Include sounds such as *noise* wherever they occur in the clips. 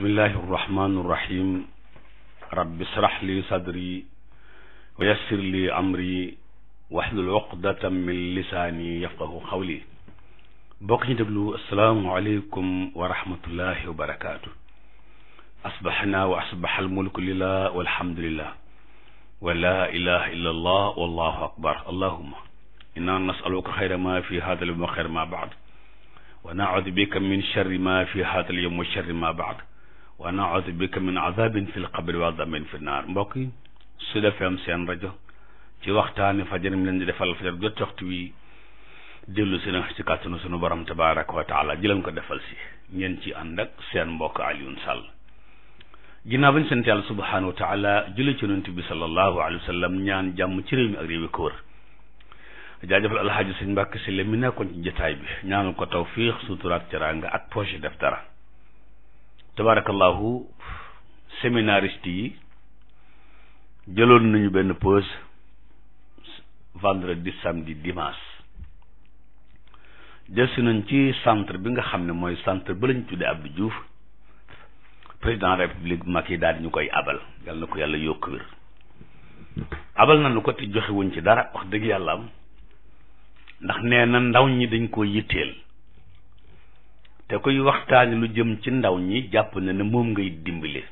bismillahi arrahmani irrahim rabbi israh li sadri wa yassir li amri wahlul uqdatan min lisaani yafqahu qawli bokk ñu déglu asalaamualeykum wa rahmatullahi wa barakaatu asbaxnaa wa asbaxa almulku lillah walhamdulillah wa laa ilaha illa allah wallahu akbar allahuma inna nasaluka xayra ma fi hada al yowm wa xayra ma baad wa naudu bika min charri ma fi hada al yowm wa charri ma baad wa naudu bika min azabin fi lqabri wa azabin fi naar mbokk yi su defee am seen rajo ci waxtaani fajar mi leen di defal fajar jot waxtu wi dellu si na ci kàttanu sunu borom tabaraka wa taala jëleen ko defal si ngeen ci ànd ak seen mbokk Alioune Sall ginnaaw bañ sant yàlla subhanahu wa taala julli ci yonent bi sallallahu alayhi wa sallam ñaan jàmm ci réew mi ak réew yi ko wër jaajëfal alxaaji sëñ Mbàkke si le mi nekkoon ci jotaay bi ñaanal ko tawfiix suturaak teraanga ak projet def dara tabarakallahu séminariste yi jëloon nañu benn pause vendredi samedi jël delsi nañ ci centre bi nga xam ne mooy centre ba lañ tuddee Abdou Diouf président mag yi daal di ñu koy abal yal na ko yàlla yokk wér abal na nu ko te joxewuñ ci dara wax dëgg yàlla am ndax nee na ndaw ñi dañ koo yitteel te kuy waxtaani lu jëm ci ndaw ñi jàpp na ne moom ngay dimbali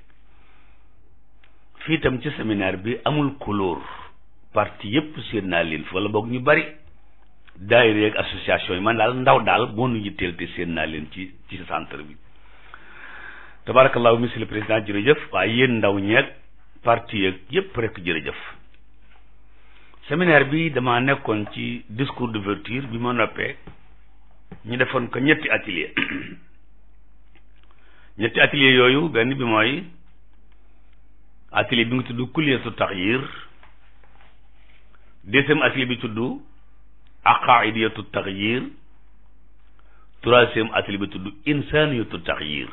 fii itam ci séminaire bi amul couleur parti yëpp séet naa leen fi wala boog ñu bari daayira ak association yi man daal ndaw daal boo nu ñu yitteel te séet naa leen ci ci centre bi tabarakallahu monsieur le président jërëjëf waaye yéen ndaw ñeeg parti yeeg yëpp rek jërëjëf séminaire bi dama nekkoon ci discours d'ouverture bi ma noppee ñu defoon ko ñetti atelier *coughs* ñetti atelier yooyu benn bi mooy atelier bi nga tudd kulliyatu taxyir deuxième atelier bi tudd aqaidiyatu taxyir troisième atelier bi tudd insaniyatu taxyir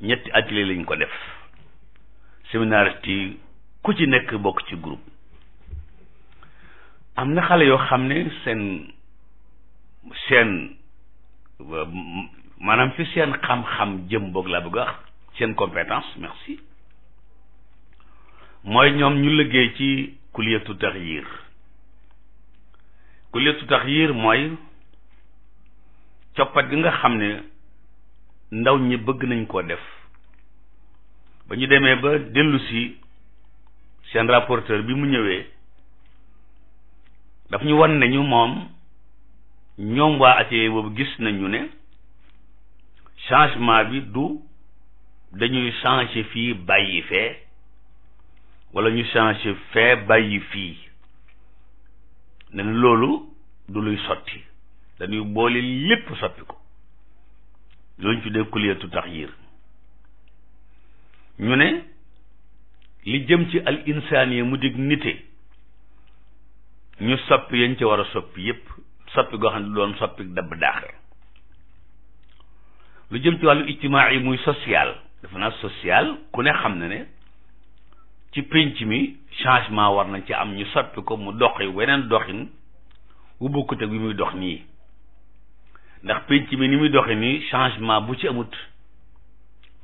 ñetti atelier lañ ko def séminariste yi ku ci nekk bokk ci groupe am na xale yoo xam ne seen seen euh, maanaam fi seen xam-xam jëm boog laa bëgg a wax seen compétence merci mooy ñoom ñu liggéey ci kuliyatu taxyir kuliyatu taxyir mooy coppat gi nga xam ne ndaw ñi bëgg nañ koo def ba ñu demee ba dellusi seen rapporteur bi mu ñëwee daf ñu wan nañu moom ñoom waa atelier boobu gis nañu ne changement bi du dañuy changer fii bàyyi fee wala ñu changer fee bàyyi fii ne loolu du luy sotti dañuy boole lépp soppi ko loolu ñu tuddee kuliyatu taxyir ñu ne li jëm ci al insaan yi mu dig nite ñu soppi yañ ci war a soppi yépp soppi goo xam ne du doon soppi dabb daaxe lu jëm ci wàllu ijtimaa yi muy social dafa naa social ku ne xam na ne ci pinc mi changement war nañ ci am ñu soppi ko mu doxi weneen doxin wu bokkut bi muy dox nii ndax pénc mi ni muy doxi nii changement bu ci amut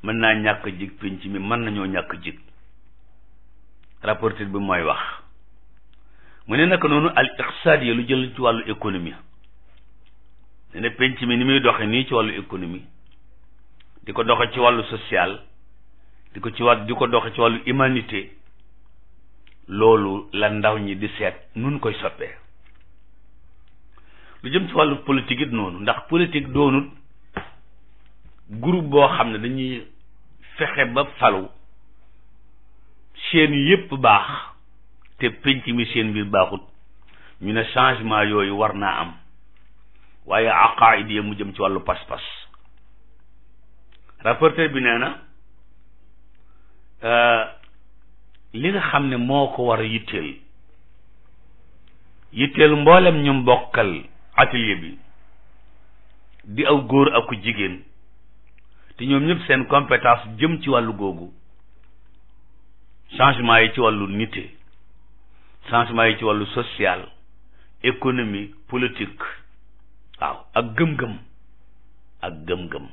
mën naa ñàkk jig pénc mi mën nañoo ñàkk jig rapporteur bi mooy wax mu ne naka noonu al iqtisaad yi lu jël ci wàllu économie ne penc mi ni muy doxe nii ci wàllu économie di ko doxe ci wàllu social di ko ci wàll di ko ci wàllu humanité loolu la ndaw ñi di seet nun koy soppee lu jëm ci wàllu politique it noonu ndax politique doonut groupe boo xam ne dañuy fexe ba falu chaîne yépp baax te pénc mi seen mbir baaxut ñu ne changement yooyu war naa am waaye aqaid yi mu jëm ci wàllu pas-pas rapporteur bi nee na euh, li nga xam ne moo ko war a yitteel yitteel mboolem ñu mbokkal atelier bi di aw góor aku jigéen te ñoom ñëpp seen compétence jëm ci wàllu googu changement yi ci wàllu nite changement yi ci wàllu social économique politique waaw ak gëm-gëm ak gëm-gëm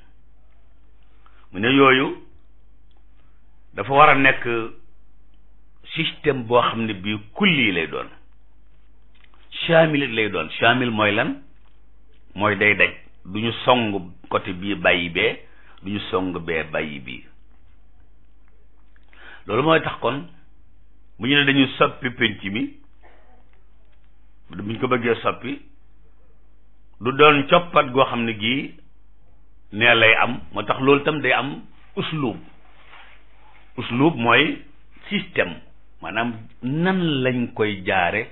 mu ne yooyu dafa war a nekk système boo xam ne bii kulli lay doon chaamil lay doon chaamil mooy lan mooy day daj du ñu song côté bii bàyyi bee du ñu song bee bàyyi bii loolu mooy tax kon bu ñu ne dañu soppi pénc mi bu ñu ko bëggee soppi du doon coppat goo xam ne gii nee lay am moo tax loolu tam day am uslub uslub mooy système maanaam nan lañ koy jaare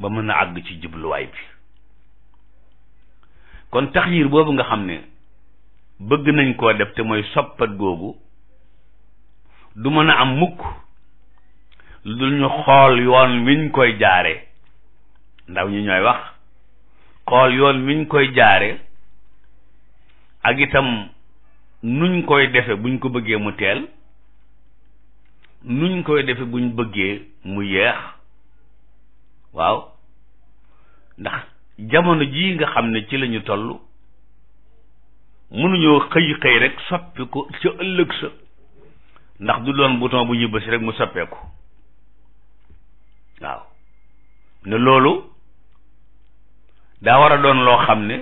ba mën a àgg ci jubluwaay bi kon taxyir boobu nga xam ne bëgg nañ koo def te mooy soppat googu du mën a am mukk lu ñu xool yoon ñu koy jaare ndaw ñi ñooy wax xool yoon wiñ koy jaare ak itam nuñ koy defe buñ ko bëggee mu teel nuñ koy defe buñ bëggee mu yeex waaw ndax jamono jii nga xam ne ci lañu toll mënuñoo xëy xëy rek soppi ko ca ëllëg sa ndax du doon bouton bu ñu bës rek mu soppeeku waaw ne loolu daa wara doon loo xam ne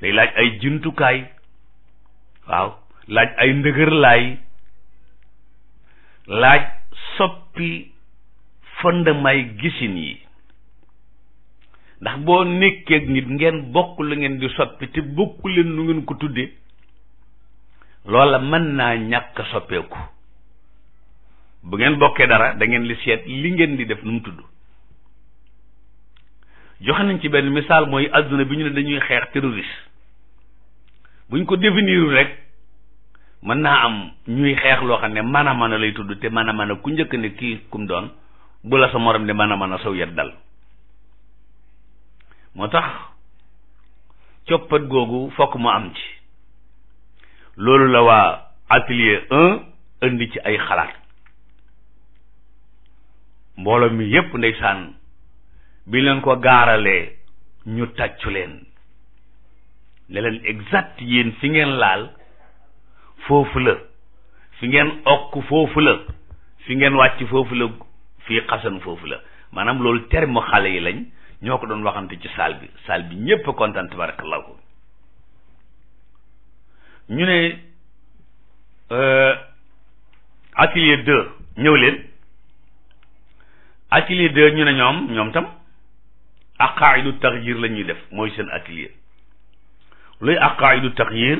day laaj ay jumtukaay waaw laaj ay ndëgërlaay laaj soppi may gisin yi ndax boo nekkee ak ngeen bokk la ngeen di soppi te bokku leen nu ngeen ko tuddee loola mën naa ñàkk soppeeku bu ngeen bokkee dara dangeen ngeen li seet li ngeen di def nu mu tudd joxe nañ ci benn misaal mooy adduna bi ñu ne dañuy xeex terroriste buñ ko définir rek mën naa am ñuy xeex loo xam ne mën a mën lay tudd te mën a mën a ku njëkk ne kii kum doon bu la sa morom ne mën a mën a saw yet dal moo tax coppat googu fokk mu am ci loolu la waa atelier un ci ay xalaat mbooloo mi yépp ndeysaan bi leen ko gaaralee ñu tàccu leen ne leen exact yéen fi ngeen laal foofu la fi ngeen okk foofu la fi ngeen wàcc foofu la fii xasan foofu la maanaam loolu terme xale yi lañ ñoo ko doon waxante ci saal bi saal bi ñépp kontaan tabarakallahu ñu ne euh, atelier deux ñëw leen atelier de ñu ne ñoom ñoom tam aqaidu taxyir la ñuy def mooy seen atelier luy aqaidu taxyir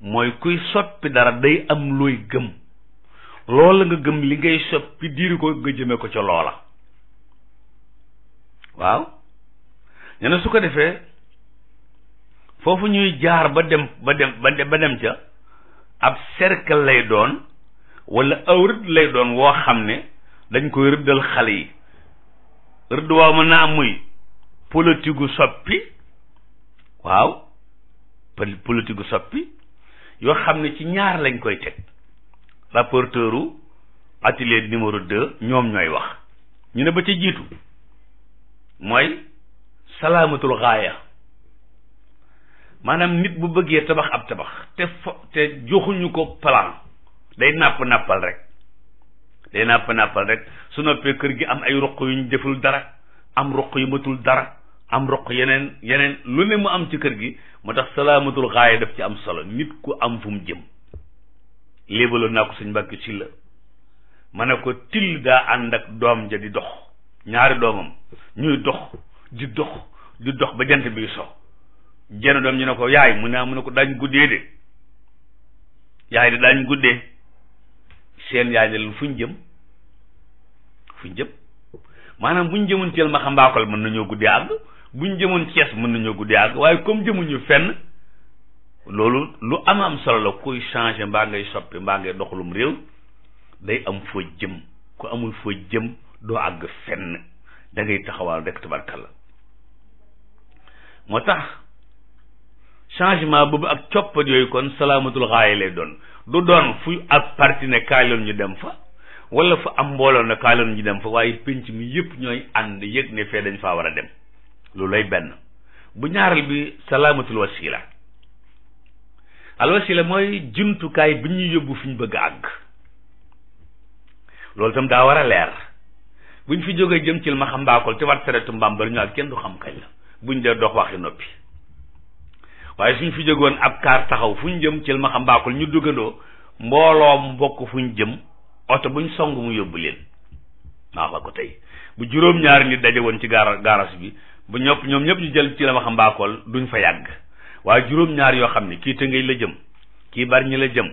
mooy kuy soppi dara day am looy gëm loola nga gëm li ngay soppi diiri ko nga jëme ko ca loola waaw ñu su ko defee foofu ñuy jaar ba dem ba dem ba dem ca ab cercle lay doon walla awrit lay doon woo xam ne dañ koy rëddal xale yi rëdd waaw mën naa am muy politique gu soppi waaw politique soppi yoo xam ne ci ñaar lañ koy teg rapporteur atelier numéro deux ñoom ñooy wax ñu ne ba ca jiitu mooy salaamatul gaaya maanaam nit bu bëggee tabax ab tabax te fo te joxuñu ko plan day nàpp nàppal rek day nàpp nàppal rek su noppee kër gi am ay roq yu ñu deful dara am roq yu matul dara am roq yeneen yeneen lu ne mu am ci kër gi moo tax salaamatul xaaya daf ci am solo nit ku am fu mu jëm léebaloon naa ko suñ mbàkki ci la ma ne ko till daa ànd ak doom ja di dox ñaari doomam ñuy dox di dox di dox ba jant bi so jenn doom ñu ne ko yaay mu ne mu ne ko daañ guddee de yaay de daañ guddee seen yaay ne leen fuñ jëm fuñ jëm maanaam buñ jëmoon teel ma xam mën nañoo guddi àgg buñ jëmoon Cees mën nañoo guddi àgg waaye comme jëmuñu fenn loolu lu am am solo la kuy changé mbaa ngay soppi mbaa ngay doxalum réew day am foo jëm ku amul foo jëm doo àgg fenn da ngay taxawaal rek tabarkalla moo tax changement boobu ak coppat yooyu kon salaamatul xaaye lay doon du doon fu ak parti ne kaay ñu dem fa wala fu am mbooloo ne kaay leen ñu dem fa waaye pénc mi yëpp ñooy ànd yëg ne fee dañ faa war a dem loolu lay benn bu ñaareel bi salaamatul wasila alwasila mooy jumtukaay bi ñuy yóbbu fi ñu bëgg a loolu itam daa war a leer buñ fi jógee jëm ci ma xam mbaakol te wat seretu mbaam bari ñu ak kenn du xam kañ la ñu dee dox waxi noppi waaye suñ fi jógoon ab kaar taxaw fuñ jëm ci ma xam ñu duggandoo mbooloom bokk fuñ jëm oto buñ song mu yóbbu leen maa fa ko tey bu juróom-ñaar nit daje woon ci gaar gaaras bi bu ñopp ñoom ñëpp ñu jël ci la ma xam mbaakool duñ fa yàgg waaye juróom-ñaar yoo xam ne kii Tëngéej la jëm kii Bargny la jëm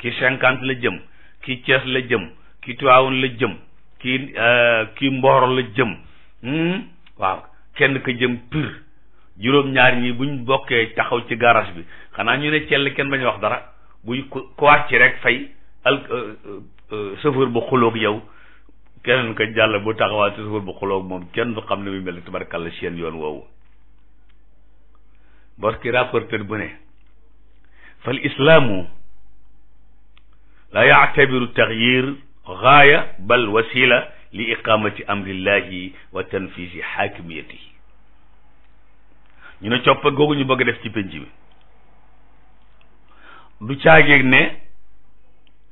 kii cinquante la jëm kii Thiès la jëm kii Tivaouane la jëm kii euh, kii Mboro la jëm hmm? waaw kenn ka jëm Pire juróom-ñaar ñi buñ bokkee taxaw ci garage bi xanaa ñu ne cell kenn bañ wax dara buy ku wàcc rek fay al euh, euh, euh, bu xuloog yow keneen ko jàll bu taxawaat chauffeur bu xuloog moom kenn du xam ne muy mel tabarkàlla seen yoon woowu parce que rapporteur bu ne fal islaamu la yaatabiru taxyir gaaya bal wasila li iqamati amrillahi wa tanfisi xaakimiyatihi ñu ne coppat googu ñu bëgg a def ci penc bi du caageeg ne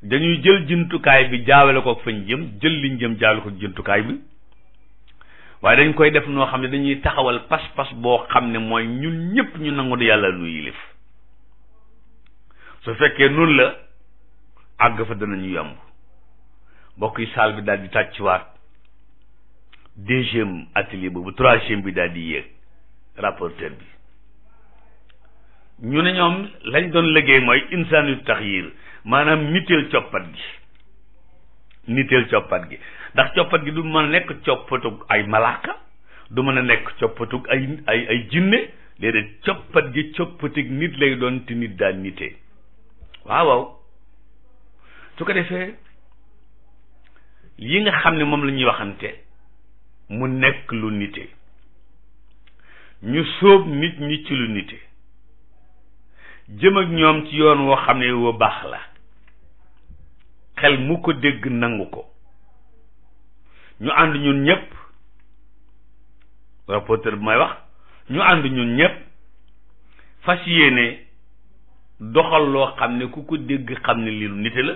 dañuy jël jumtukaay bi jaawale ko fañ jëm jël liñ jëm jaawale ko jumtukaay bi waaye dañ koy def noo xam ne dañuy taxawal pas-pas boo xam ne mooy ñun ñëpp ñu nangu di yàlla nu yilif su fekkee noonu la àgg fa danañu yomb mbokk yi saal bi daal di tàccuwaat deuxième atelier boobu troisième bi daal di yéeg rapporteur bi ñu ne ñoom lañ doon liggéey mooy insaan yu tax yiir maanaam niteel coppat gi niteel coppat gi ndax coppat gi du mën a nekk coppatug ay malaaka du mën a nekk coppatug ay ay ay jinne déedéet coppat gi coppatig nit lay doon te nit daan nitee waaw waaw su ko defee yi nga xam ne moom la ñuy waxante mu nekk lu nitee ñu sóob nit ñi ci lu nite jëm ak ñoom ci yoon woo xam ne woo baax la xel mu ko dégg nangu ko ñu ànd ñun ñëpp rapporteur bi may wax ñu ànd ñun ñëpp fas yéene doxal loo xam ne ku ko dégg xam ne lii lu nite la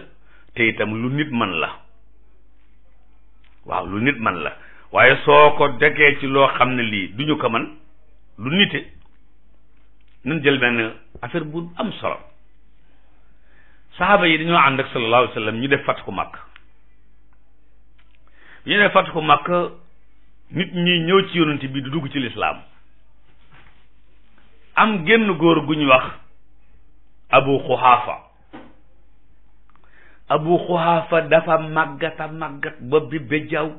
te itam lu nit man la waaw lu nit man la waaye soo ko degee ci loo xam ne lii duñu ko man lu nite nan jël benn affaire bu am solo saxaaba yi dañoo ànd ak sallallahu alayhi ñu def fatku màkk ñu def fatku mag nit ñi ñëw ci yonent bi di dugg ci lislaam am génn góor gu ñu wax abu xuhaafa abu xuhaafa dafa màggata màggat bopp bi béjjaaw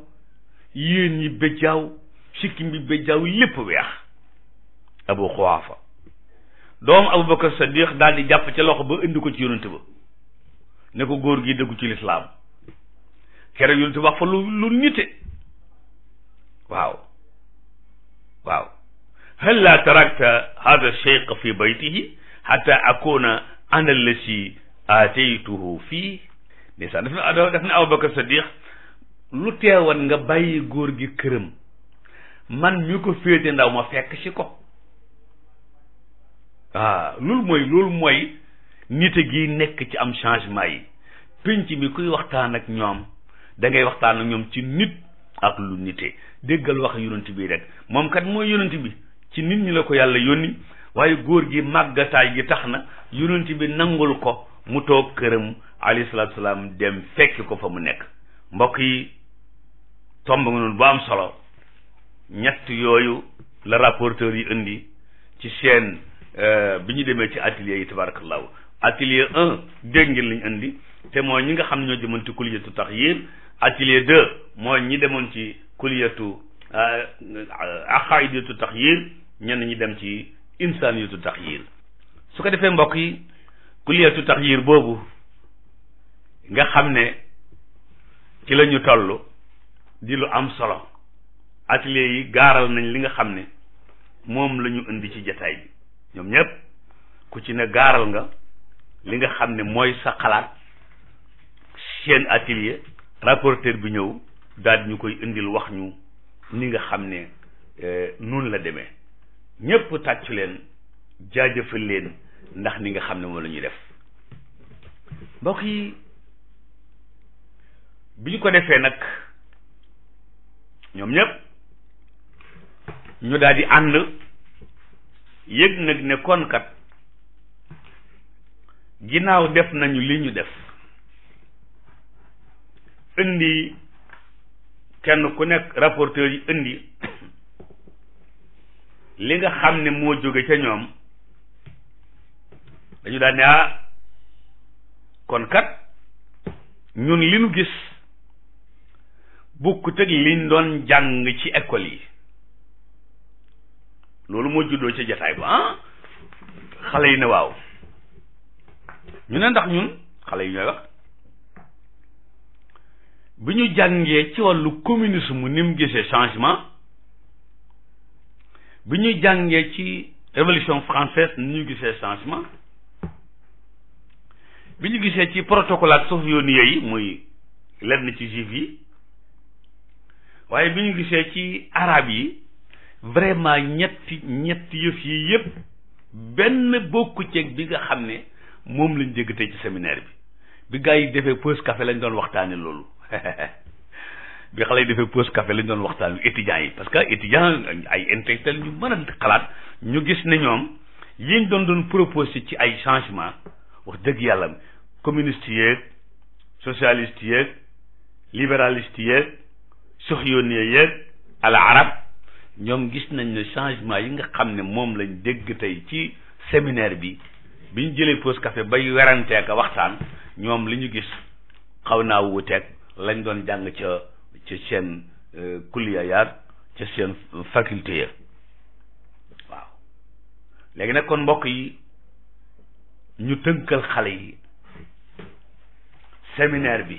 yéen yi béjjaaw sikkim bi béjjaaw lépp weex abu xuwaafa doomu abubakar sadiq daal di jàpp ca loxo ba indi ko ci yonent ba ne ko góor gi dëggu ci lislaam keroog yonent ba wax fa lu lu nite waaw waaw hal laa tarakta hada cheikh fi baytihi hatta akuna ana allati aataytuhu fii ndeysaan daf ne daf ne lu teewoon nga bàyyi góor gi këram man mi ko féete ndaw ma fekk ci ko waaw loolu mooy loolu mooy nite gi nekk ci am changement yi pénc bi kuy waxtaan ak ñoom dangay waxtaan ak ñoom ci nit ak lu nite déggal wax yonent bi rek moom kat mooy yonent bi ci nit ñi la ko yàlla yónni waaye góor gi màggataay gi tax na yonent bi nangul ko mu toog këram alayhi salaam dem fekki ko fa mu nekk mbokk yi tomb nga noonu bu am solo ñett yooyu la rapporteur yi indi ci seen Euh, bi ñu demee ci atelier yi tabarakallahu atelier un dégg ngeen lañ indi te mooy ñi nga xam ne ñoo demoon ci kuliyatu taxyir atelier deux mooy ñu demoon ci kuliyatu euh, aqaidatu taxyir ñenn ñi dem ci insaniyatu taxyir su ko defee mbokk yi kuliyatu taxyir boobu nga xam ne ci la ñu toll di lu am solo atelier yi gaaral nañ li nga xam ne moom lañu indi ci jataay bi ñoom ñëpp ku ci ne gaaral nga li nga xam ne mooy sa xalaat seen atelier rapporteur bi ñëw daal ñu koy indil wax ñu ni nga xam ne euh, nun la deme ñëpp tàccu leen jaajëfal leen ndax ni nga xam ne moom lañuy def mbokk yi bi ñu ko defee nag ñoom ñëpp ñu daal ànd yëg nag ne kon kat ginnaaw def nañu li ñu def indi kenn ku nekk rapporteur yi indi *coughs* li nga xam ne moo jóge ca ñoom dañu daan ne ah kon kat ñun li nu gis bukk tëg liñ doon jàng ci ecole yi loolu moo juddoo ci jataay ba ah xale yi ne waaw ñu ne ndax ñun xale yi ñooy wax bi ñu jàngee ci wàllu communisme ni mu gisee changement bi ñu jàngee ci révolution française ni ñu gisee changement bi ñu gisee ci protocole ak sovioniens yooyu muy lenn ci juif yi waaye bi ñu gisee ci arab yi vraiment ñetti ñetti yëf yi yëpp benn bokku ceeg bi nga xam ne moom lañ dégg tey ci séminaire bi bi gars yi defee pause café lañ doon waxtaane loolu *laughs* bi xale yi defee pause café lañ doon waxtaane étudiants yi parce que étudiant ay intellectuel ñu mën a xalaat ñu gis ne ñoom yiñ doon doon proposé ci ay changement wax dëgg yàlla communiste yeeg socialiste yeeg libéraliste yeeg soxyonier yeeg al ñoom gis nañ ne changement yi nga xam ne moom lañ dégg tey ci séminaire bi bi ñu jëlee pause café bay werantee a waxtaan ñoom li ñu gis xaw naa wuuteeg lañ doon jàng ca ca seen euh, kulliya yaag ca seen faculté ya waaw léegi nag kon mbokk yi ñu tënkal xale yi séminaire bi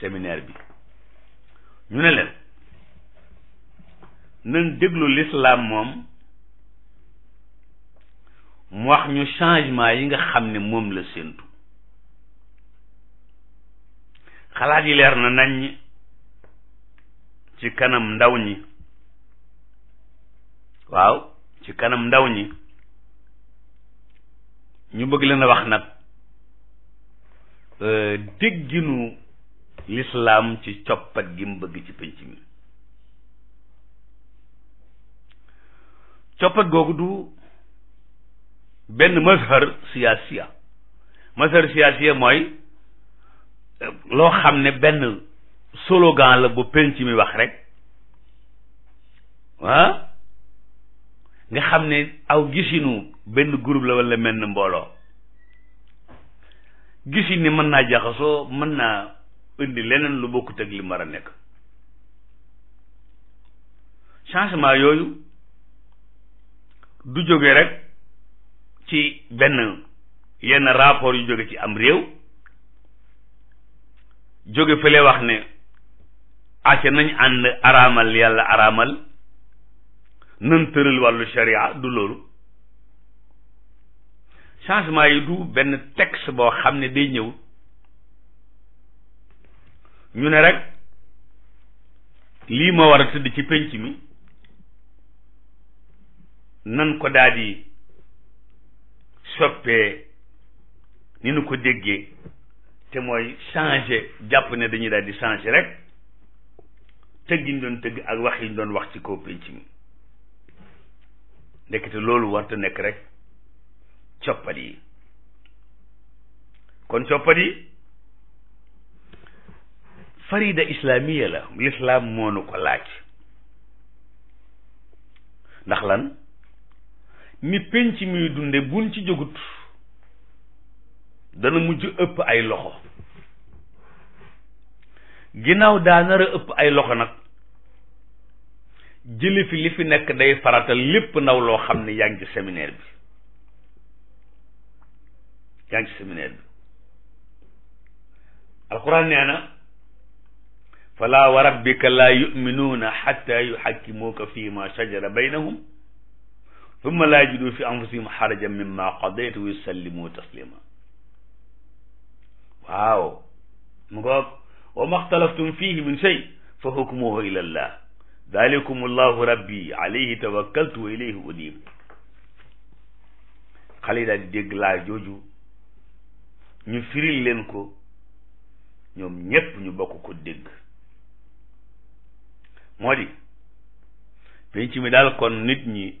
séminaire bi ñu ne leen nañ déglu lislaam moom mu wax ñu changement yi nga xam ni moom la séentu xalaat yi leer na nañ ci kanam ndaw ñi waaw ci kanam ndaw ñi ñu bëgg leen a wax nag euh, dégginu lislaam ci coppat gi mu bëgg ci pénc mi coppat googu du benn mazhar siyaasiya mazhar siyaasiya mooy eh, loo xam ne benn slogan la bu penc mi wax rek ah nga xam ne aw gisinu benn groupe la walla mel ni mbooloo gisin ni mën naa jaxasoo mën naa indi leneen lu bokkut ak li mar a nekk changement yooyu du jóge rek ci benn yenn rapport yu jóge ci am réew jóge fële wax ne acca nañ ànd araamal yàlla araamal nan tëral wàllu sharia du loolu changement yi du benn texte boo xam ne day ñëw ñu ne rek lii moo war a tëdd ci pénc mi nan ko daal di soppee ni nu ko déggee te mooy changé jàpp ne dañuy daal di changé rek tëgg yi ñu doon tëgg ak wax yi ñu doon wax ci kaw pénc mi ndekete loolu warta nekk rek coppat yi kon coppat yi farida islamiya la lislaam moo nu ko laaj ndax lan ni penc muy dunde buñ ci jógut dana mujj ëpp ay loxo ginnaaw daa nar ëpp ay loxo nag jële fi li fi nekk day faratal lépp ndaw loo xam ne yaa ngi ci séminaire bi yaa ngi ci séminaire bi alquran nee na fala wa rabbika la yuminuuna xatta yuxakkimuuka fi ma shajara baynahum summa laa yajidu fi anfusihim xarajan mimma qadayta wa yusallimu taslima waaw mu ngoog wa ma xtalaftum fihi min shay fa hukmuhu ila llah dalikum allahu rabbi alayhi tawakkaltu wa ilayhi unib xale yi daal di dégg laa jooju ñu firil leen ko ñoom ñépp ñu bokk ko dégg moo di penc mi daal kon nit ñi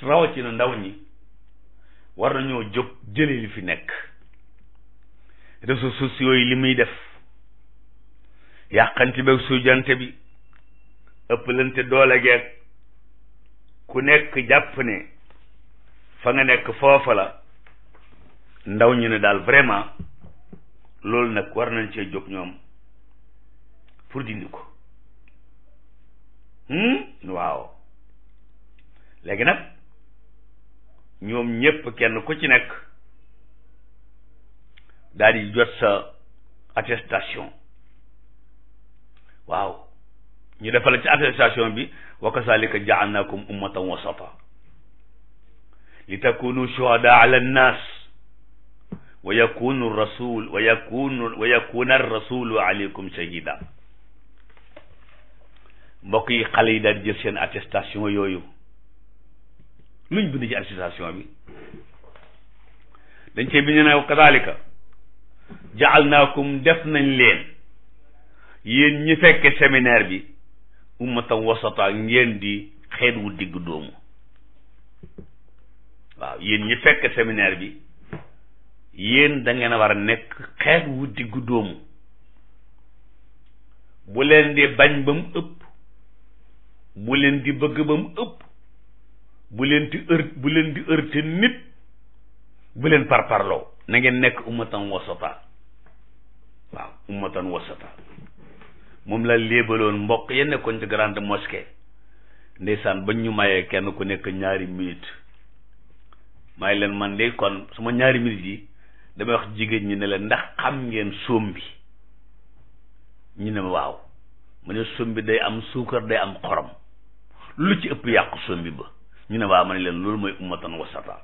rawatina ndaw ñi war nañoo jóg jëlee li fi nekk réseaux sociaux yi li muy def yàqante beeg sujante bi ëppalante doole geeg ku nekk jàpp ne fa nga nekk foofa la ndaw ñi ne daal vraiment loolu nag war nañ cee jóg ñoom pour dindi ko hmm? waaw léegi nag ñoom ñépp kenn ku ci nekk daal di jot sa attestation waaw ñu defal ci attestation bi wa kasalika ja'alnakum ummatan wasata li takunu shuhada ala nnas wa yakunu rasul wa yakunu wa yakuna rasulu alaykum shahida mbokk yi xale yi daal di jël seen attestation yooyu luñ bind ci association bi dañ cee bind ne kadalika jaalnaakum def nañ leen yéen ñi fekke séminaire bi ummatan wasata ngeen di xeet wu digg doomu waaw yéen ñi fekke séminaire bi yéen da ngeen nekk xeet wu digg doomu bu leen di bañ ba mu ëpp bu leen di bëgg ba mu ëpp bu leen di ër bu leen di ërte nit bu leen parparloo na ngeen nekk ummatan wasata waaw ummatan wasata moom la léebaloon mbokk ya nekkoon ci grande mosquée ndeysaan bañ ñu mayee kenn ku nekk ñaari minute may leen man de kon suma ñaari minute yi damay wax jigéen ñi ne leen ndax xam ngeen soom bi ñu ne waaw mu ne soom bi day am suukar day am xorom lu ci ëpp yàqu soom ba ñu ne waa ma leen loolu mooy ummatan wasata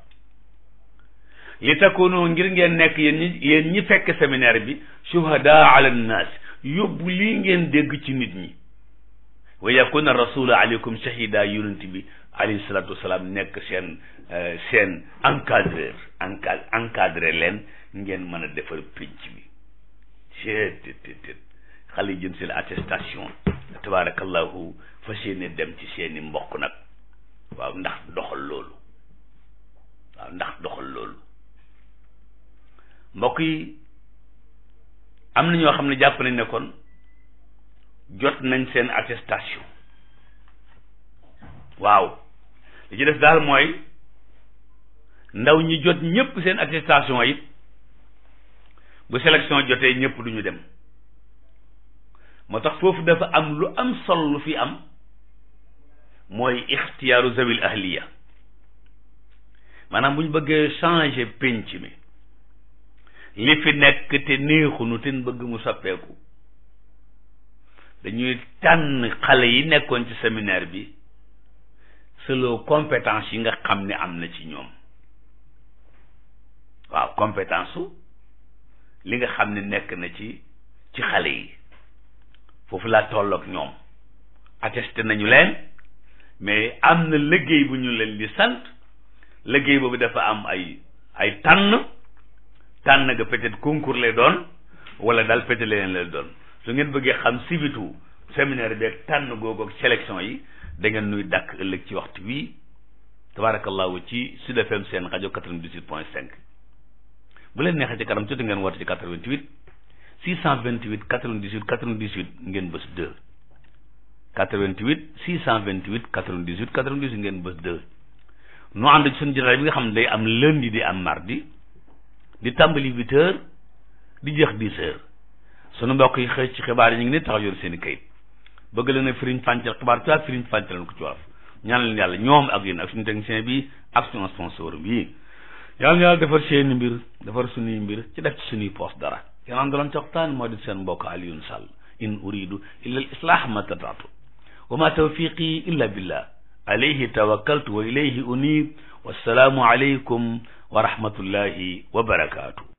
li takunu ngir ngeen nekk yéen ñi ñi fekk séminaire bi shuhada ala nnaas yóbbu lii ngeen dégg ci nit ñi wa yakuna rasulu aleykum shahida yonent bi alayhi salatu wasalaam nekk seen euh, seen encadreur encad encadré leen ngeen mën a defar pénc bi seet tet xale yi jëm seen attestation tabarakallahu fas yéene dem ci seeni mbokk nag waaw ndax doxal loolu waaw ndax doxal loolu mbokk yi am na ñoo xam ne jàpp nañ nekkoon jot nañ seen attestation waaw li ci def daal mooy ndaw ñi jot ñëpp seen attestation yi bu sélection jotee ñëpp duñu dem moo tax foofu dafa am lu am solo lu fi am mooy ixtiyaaru zawil ahliya maanaam buñ bëggee changer pénc mi li fi nekk te néexunu te bëgg mu soppeeku dañuy tànn xale yi nekkoon ci séminaire bi selon compétence yi nga xam ne am na ci ñoom waaw compétence su li nga xam ni nekk na ci ci xale yi foofu laa tolloog ñoom attesté nañu leen mais am na liggéey bu ñu leen di sant liggéey boobu dafa am ay ay tànn tànn nga peut-être concours lay doon wala daal peut-être leneen lay doon su ngeen bëggee xam sibitu séminaire bi tànn googu ak sélection yi da ngeen nuy dàkk ëllëg ci waxtu wii tabarakallahu ci Sud FM seen rajo 98 point 5 bu leen neexee ci kanam jot ngeen woote ci 88 628 98 98 ngeen bës 2 88 628 98 98 ngeen bës 2 nu ànd ci suñu jotaay bi nga xam ne day am lundi di am mardi di tàmbali 8 heures di jeex 10 heures sunu mbokk yi xëy ci xibaar yi ñu ngi ne taxaw yor seen i kayit bëgg leen a firiñ fàncal xibaar ci waat firiñ fàncal ko ci wolof ñaan leen yàlla ñoom ak yéen ak suñu technicien bi ak suñu sponsor bi yàlla yàlla defar seeni mbir defar suñuy mbir ci def ci suñuy poos da yàlla na doon coxtaan moo seen mbokk Alioune Sall in wa ma tawfiqi illa billah alayhi tawakkaltu wa ilayhi unib wassalaamu alaykum wa rahmatullahi wa barakaatu